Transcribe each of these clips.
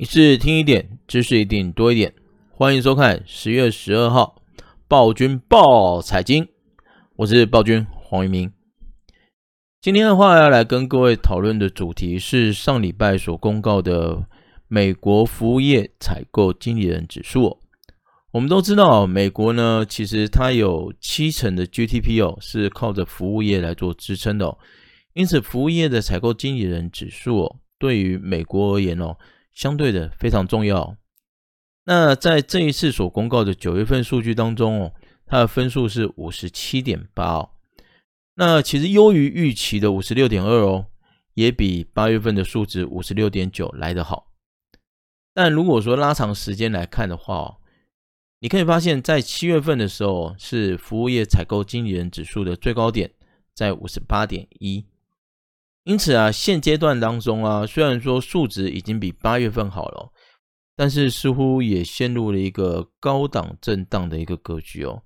一次聽一點，知識一定多一點，歡迎收看十月十二號暴君暴財經，我是暴君黃一明。今天的話要來跟各位討論的主題是上禮拜所公告的美國服務業採購經理人指數。我們都知道，美國呢其實它有七成的 GDP 哦是靠着服務業來做支撐的，哦，因此服務業的採購經理人指數、哦、對於美國而言哦。相對的非常重要。那在這一次所公告的九月份數據當中哦，它的分數是五十七點八哦，那其實優於預期的五十六點二哦，也比八月份的數值五十六點九來得好。但如果說拉長時間來看的話哦，你可以發現在七月份的時候是服務業採購經理人指數的最高點在，在五十八點一。因此啊，現階段當中啊，雖然說數值已經比八月份好了，但是似乎也陷入了一個高檔震盪的一個格局哦。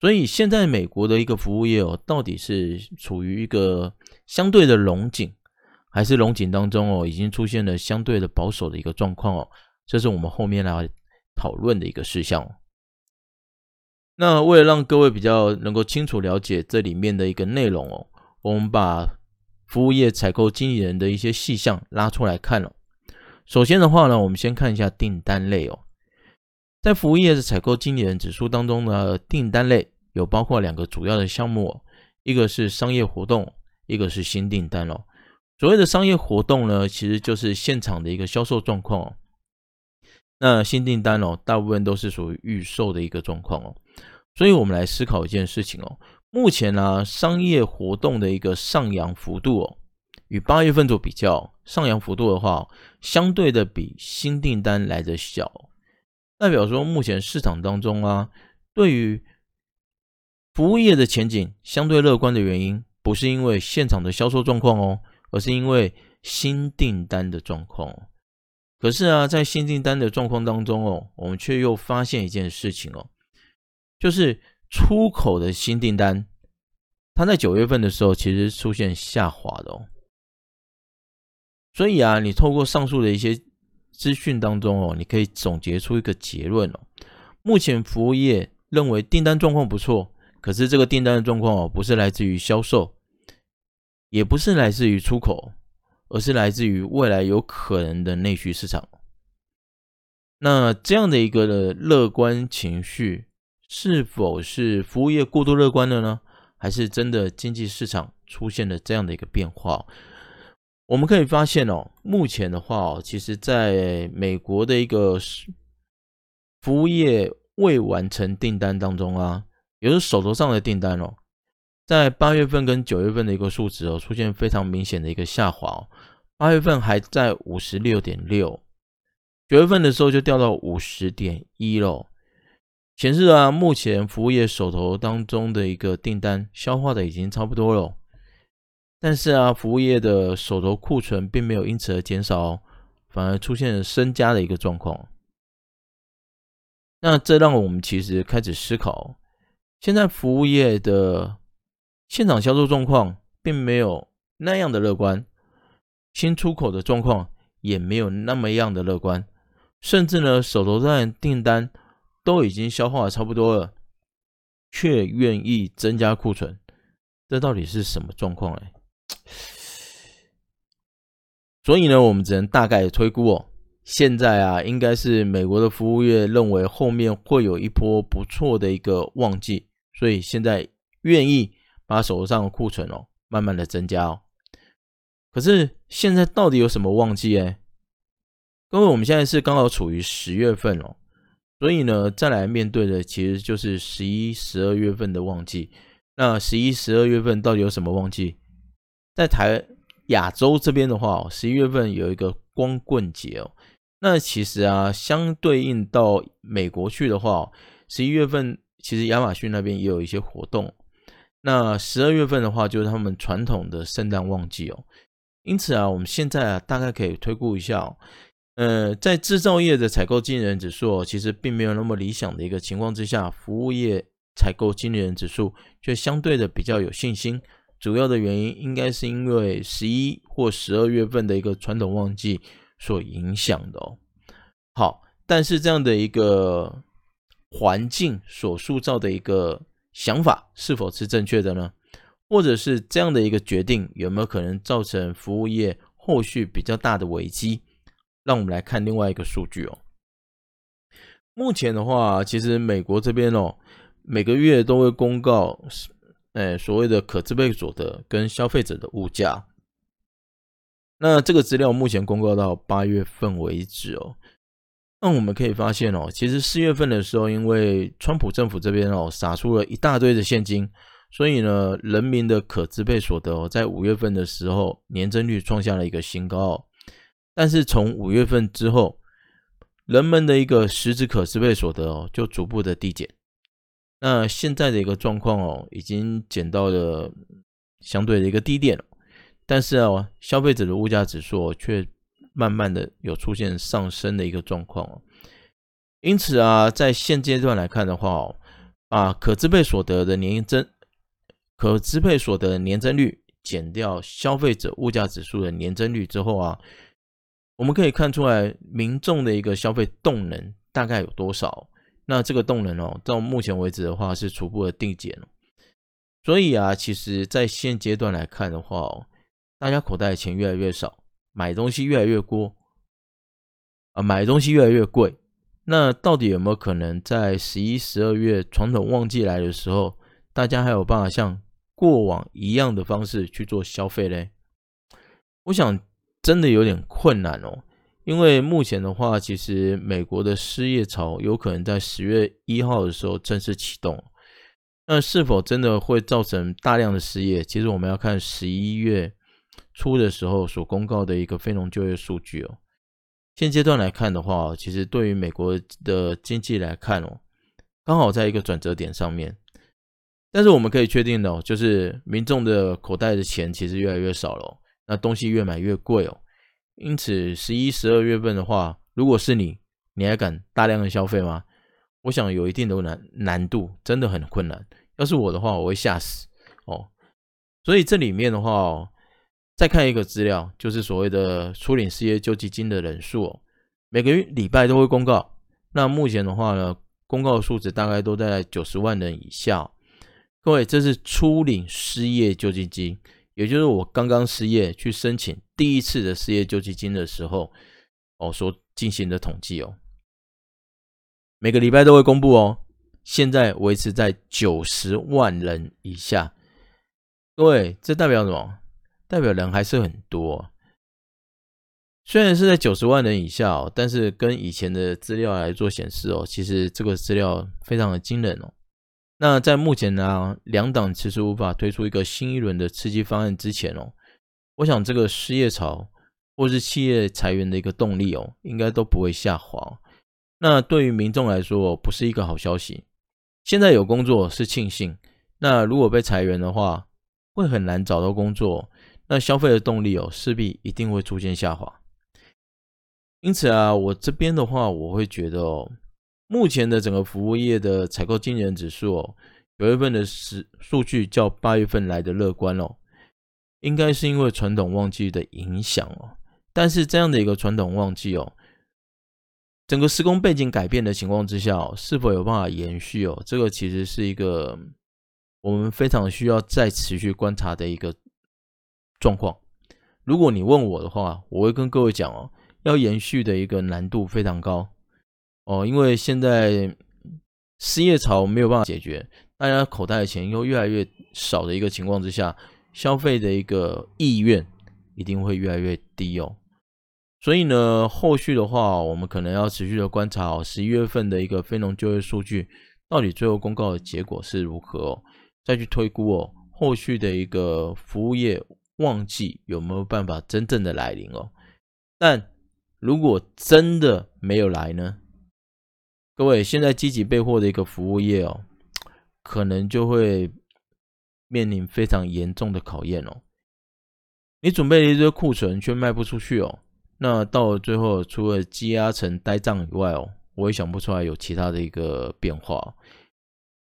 所以現在美國的一個服務業哦，到底是處於一個相對的榮景，還是榮景當中哦，已經出現了相對的保守的一個狀況哦？這是我們後面來討論的一個事項。那為了讓各位比較能夠清楚了解這裡面的一個內容哦，我們把。服務業採購經理人的一些細項拉出來看了哦，首先的話呢，我們先看一下訂單類哦，在服務業的採購經理人指數當中呢，訂單類有包括兩個主要的項目哦，一個是商業活動，一個是新訂單哦。所謂的商業活動呢，其實就是現場的一個銷售狀況哦，那新訂單哦，大部分都是屬於預售的一個狀況哦。所以我們來思考一件事情哦。目前呢、啊，商業活動的一個上揚幅度哦，與八月份做比較，上揚幅度的話，相對的比新訂單來的小，代表說目前市場當中啊，對於服務業的前景相對樂觀的原因，不是因為現場的銷售狀況哦，而是因為新訂單的狀況。可是啊，在新訂單的狀況當中哦，我們卻又發現一件事情哦，就是出口的新訂單。它在九月份的時候其實出現下滑的哦，所以啊，你透過上述的一些資訊當中哦，你可以總結出一個結論哦：目前服務業認為訂單狀況不錯，可是這個訂單的狀況哦，不是來自於銷售，也不是來自於出口，而是來自於未來有可能的內需市場。那這樣的一個的樂觀情緒，是否是服務業過度樂觀的呢？還是真的經濟市場出現了這樣的一個變化，我們可以發現哦，目前的話哦，其實在美國的一個服務業未完成訂單當中啊，也就是手頭上的訂單哦，在八月份跟九月份的一個數值哦，出現非常明顯的一個下滑哦，八月份還在五十六點六，九月份的時候就掉到五十點一嘍。顯示啊，目前服務業手頭當中的一個訂單消化的已經差不多了，但是啊，服務業的手頭庫存並沒有因此而減少，反而出現了增加的一個狀況。那這讓我們其實開始思考，現在服務業的現場銷售狀況並沒有那樣的樂觀，新出口的狀況也沒有那麼樣的樂觀，甚至呢，手頭上訂單，都已經消化差不多了，卻願意增加庫存，這到底是什麼狀況哎？所以呢，我們只能大概推估哦。現在啊，應該是美國的服務業認為後面會有一波不錯的一個旺季，所以現在願意把手上的庫存哦，慢慢的增加哦。可是現在到底有什麼旺季哎？各位，我們現在是剛好處於十月份哦。所以呢，再來面對的其實就是十一、十二月份的旺季。那十一、十二月份到底有什麼旺季？在台亞洲這邊的話，十一月份有一個光棍節哦。那其實啊，相對應到美國去的話，十一月份其實亞馬遜那邊也有一些活動。那十二月份的話，就是他們傳統的聖誕旺季哦。因此啊，我們現在啊，大概可以推估一下哦。呃，在製造業的採購經理人指數其實並沒有那麼理想的一個情況之下，服務業採購經理人指數卻相對的比較有信心。主要的原因應該是因為十一或十二月份的一個傳統旺季所影響的哦。好，但是這樣的一個環境所塑造的一個想法是否是正確的呢？或者是這樣的一個決定有沒有可能造成服務業後續比較大的危機？讓我們來看另外一個數據哦。目前的話，其實美國這邊哦，每個月都會公告哎，所謂的可支配所得跟消費者的物價。那這個資料目前公告到八月份為止哦。那我們可以發現哦，其實四月份的時候，因為川普政府這邊哦撒出了一大堆的現金，所以呢，人民的可支配所得哦，在五月份的時候年增率創下了一個新高。但是從五月份之後，人們的一個實質可支配所得哦，就逐步的遞減。那現在的一個狀況哦，已經減到了相對的一個低點。但是哦，消費者的物價指數卻慢慢的有出現上升的一個狀況。因此啊，在現階段來看的話哦，啊，可支配所得的年增，可支配所得的年增率減掉消費者物價指數的年增率之後啊。我們可以看出來，民眾的一個消費動能大概有多少？那這個動能哦，到目前為止的話是逐步的遞減。所以啊，其實在現階段來看的話，大家口袋錢越來越少，買東西越來越多啊，買東西越來越貴。那到底有沒有可能在十一、十二月傳統旺季來的時候，大家還有辦法像過往一樣的方式去做消費嘞？我想。真的有點困難哦，因為目前的話，其實美國的失業潮有可能在十月一號的時候正式啟動。那是否真的會造成大量的失業？其實我們要看十一月初的時候所公告的一個非農就業數據哦。現階段來看的話，其實對於美國的經濟來看哦，剛好在一個轉折點上面。但是我們可以確定的哦，就是民眾的口袋的錢其實越來越少了哦。那東西越買越貴哦，因此十一、十二月份的話，如果是你，你還敢大量的消費嗎？我想有一定的難難度，真的很困難。要是我的話，我會嚇死哦。所以這裡面的話哦，再看一個資料，就是所謂的初領失業救濟金的人數哦，每個月禮拜都會公告。那目前的話呢，公告數字大概都在九十萬人以下哦。各位，這是初領失業救濟金。也就是我剛剛失業去申請第一次的失業救濟金的時候，哦，所進行的統計哦，每個禮拜都會公布哦，現在維持在九十萬人以下。各位，這代表什麼？代表人還是很多。雖然是在九十萬人以下哦，但是跟以前的資料來做顯示哦，其實這個資料非常的驚人哦。那在目前呢，啊，兩黨其實無法推出一個新一輪的刺激方案之前哦，我想這個失業潮或是企業裁員的一個動力哦，應該都不會下滑。那對於民眾來說，不是一個好消息。現在有工作是慶幸，那如果被裁員的話，會很難找到工作。那消費的動力哦，勢必一定會出現下滑。因此啊，我這邊的話，我會覺得哦。目前的整個服務業的採購經理人指數哦，九月份的實數據較八月份來的樂觀哦，應該是因為傳統旺季的影響哦。但是這樣的一個傳統旺季哦，整個施工背景改變的情況之下哦，是否有辦法延續哦？這個其實是一個我們非常需要再持續觀察的一個狀況。如果你問我的話，我會跟各位講哦，要延續的一個難度非常高。哦，因為現在失業潮沒有辦法解決，大家口袋的錢又越來越少的一個情況之下，消費的一個意願一定會越來越低哦。所以呢，後續的話，我們可能要持續的觀察哦、十一月份的一個非農就業數據，到底最後公告的結果是如何哦，再去推估哦，後續的一個服務業旺季有沒有辦法真正的來臨哦。但如果真的沒有來呢？各位，現在積極備貨的一個服務業哦，可能就會面臨非常嚴重的考驗哦。你準備了一堆庫存卻賣不出去哦，那到了最後除了積壓成呆賬以外哦，我也想不出來有其他的一個變化。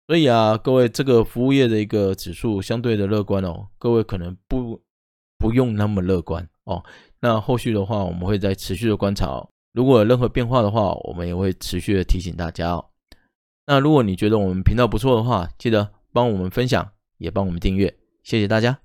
所以啊，各位這個服務業的一個指數相對的樂觀哦，各位可能不不用那麼樂觀哦。那後續的話，我們會再持續的觀察哦。如果有任何變化的話，我們也會持續的提醒大家哦。那如果你覺得我們頻道不錯的話，記得幫我們分享，也幫我們訂閱，謝謝大家。